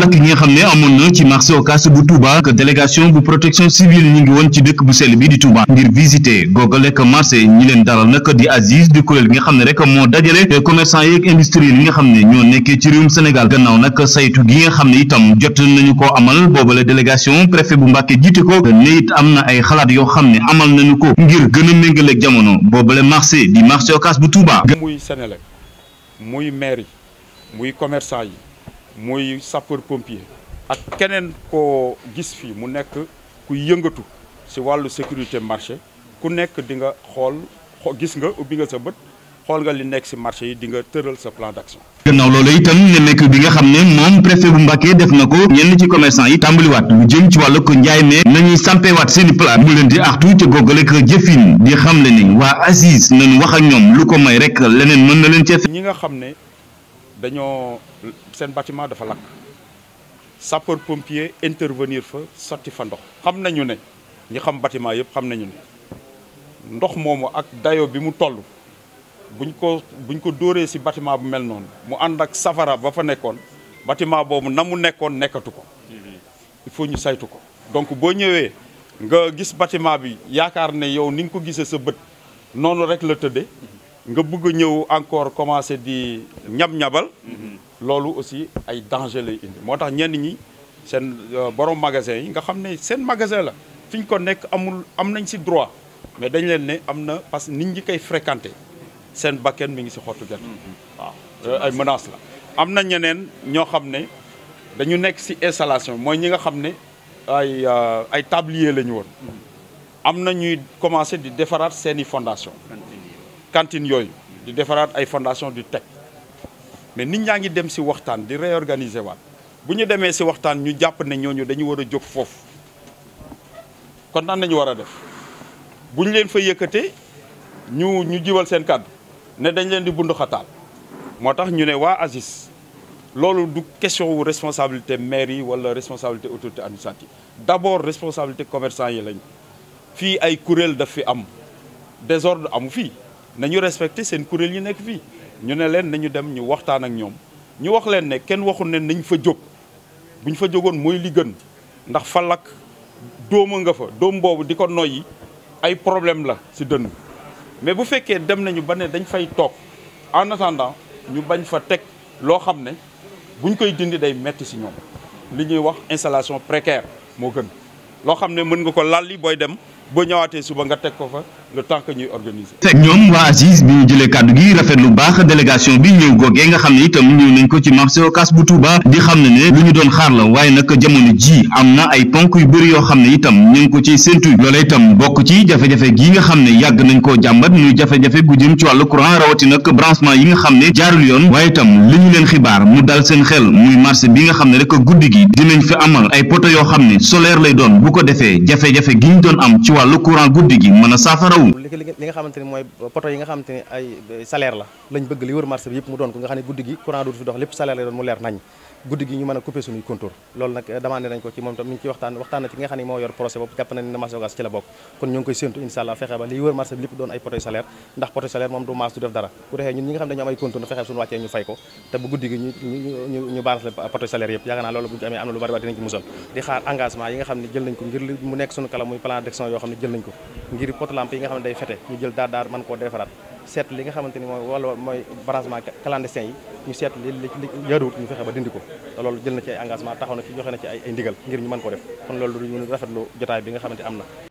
nag yi nga xam ne amoon na ci marché Ocass bu Touba que bu protection civile ñi ngi woon ci dëkk bu sell bi di Touba ngir visiter googale que marché ñi leen dalal nag di Aziz di kuréel gi nga xam ne rek moo dajale commerçant yeeg industrie yi nga xam ne ñoo nekkee ci réewum Sénégal gannaaw nag saytu gi nga xam ne itam jot nañu ko amal boobale délégation préfet bu Mbàkke jiite ko ne it am na ay xalaat yoo xam ne amal nañu ko ngir gën a méngale jamono boobale marché di marché Ocass bu Touba muy Sénélec muy maire yi muy commerçant yi muy sapeur pompier ak keneen koo gis fii mu nekk ku yëngatu si wàllu sécurité marché ku nekk di nga xool gis nga ubbi nga sa bët xool nga li nekk si marché yi di nga tëral sa plan d'action. gannaaw loolu itam nemmeeku bi nga xam ne moom préfet bu Mbacké def na ko ñenn ci commerçant yi tàmbaliwaat lu jëm ci wàllu ko njaay ne nañuy sampeewaat seeni plan mu leen di axtu ca googale ak jëfin di xam le ni waa ACIS nañu wax ak ñoom lu ko may rek leneen mën na leen cee. ñi nga xam ne dañoo seen bâtiment dafa lakk sapeur pompier intervenir fa sotti fa ndox xam nañu ne ñi xam bâtiment yëpp xam nañu ne ndox moomu ak dayo bi mu toll buñ ko buñ ko dóoree si bâtiment bu mel noonu mu ànd ak safara ba fa nekkoon bâtiment boobu na mu nekkoon nekkatu ko il faut ñu saytu ko donc boo ñëwee nga gis bâtiment bi yaakaar ne yow ni nga ko gisee sa bët noonu rek la tëddee nga bëgg a ñëw encore commencer di ñab-ñabal mhm. loolu aussi ay danger lay indi moo tax ñenn ñi seen euh, borom magasin yi nga xam ne seen magasin la fi ñu ko nekk amul am nañ si droit mais dañ leen ne am na parce que nit ñi koy fréquenter seen bakken mi ngi si xottu gerte mhm. waaw euh, ay menace la am na ñeneen ñoo xam ne dañu nekk si installation mooy ñi nga xam ne ay euh, ay tablier lañu ñu woon mhm. am na ñuy commencer di defaraat seeni fondation cantine yooyu di defaraat ay fondation du teg mais nit ñaa ngi dem si waxtaan di réorganiser waat bu ñu demee si waxtaan ñu jàpp ne ñooñu dañu war a jóg foofu kon nan nañu war a def bu ñu leen fa yëkkatee ñu ñu jiwal seen kàddu ne dañ leen di bund moo tax ñu ne waa ASIS loolu du question wu responsabilité maire yi wala responsabilité autorité administrative d'abord responsabilité commerçant yi lañ fii ay kuréel daf fi am désordre amu fii nañu respecté seen kuréel yi nekk fii ñu ne leen nañu dem ñu waxtaan ak ñoom ñu wax leen ne kenn waxul ne nañ fa jóg bu ñu fa jógoon mooy li gën ndax fa doom a nga fa dóom boobu di ko noyyi ay problème la si dënn mais bu fekkee dem nañu ba ne dañ fay toog en attendant ñu bañ fa teg loo xam ne buñ koy dindi day metti si ñoom li ñuy wax installation précaire moo gën loo xam ne mën nga ko lalli booy dem boo ñëwaatee suba nga teg ko fa le temps que ñoom waa ASIS bi ñu jëlee kàddu gi rafet lu baax délégation bi ñëw googee nga xam ne itam ñëw nañ ko ci marché Ocass bu Touba di xam ne ne lu ñu doon xaar la waaye nag jamono ji am na ay ponk yu bëri yoo xam ne itam ñu ko ciy séntu loola itam bokk ci jafe-jafe gi nga xam ne yàgg nañ koo jàmbat muy jafe-jafe gu jëm ci wàllu courant rawati nag branchement yi nga xam ne jaarul yoon waaye itam li ñu leen xibaar mu dal seen xel muy marché bi nga xam ne rek guddi gi dinañ fi amal ay poto yoo xam ne solaire lay doon bu ko defee jafe gi wàllu courant guddi gi mën a saafarawu li nga xamante ni mooy poto yi nga xamante ni ay salaire la lañ bëgg li wër marché bi yëpp mu doon ko nga xam ne guddi gi courant dootu fi dox lépp salaire la doon mu leer nañ guddi gi ñu mën ko ci moom tam mi ngi ci waxtaan waxtaan na ci nga xam ne moo yor projet boobu jàpp nañ ne marché Ocass ci la bokk kon ñu ngi koy séntu incha allah wër marché bi lépp doon ay poto salaire ndax poto salaire moom du maas du def dara bu defee ñun naa loolu fete ñu jël daar daar mën koo defaraat seet li nga xamante ni mooy wala mooy branchement clandestin yi ñu seet li li yaaduwut ñu fexe ba dindi loolu jël na ci ay engagement taxaw na ci joxe na ci ay ndigal ngir ñu mën koo def kon loolu duñu rafetlu jotaay bi nga xamante am na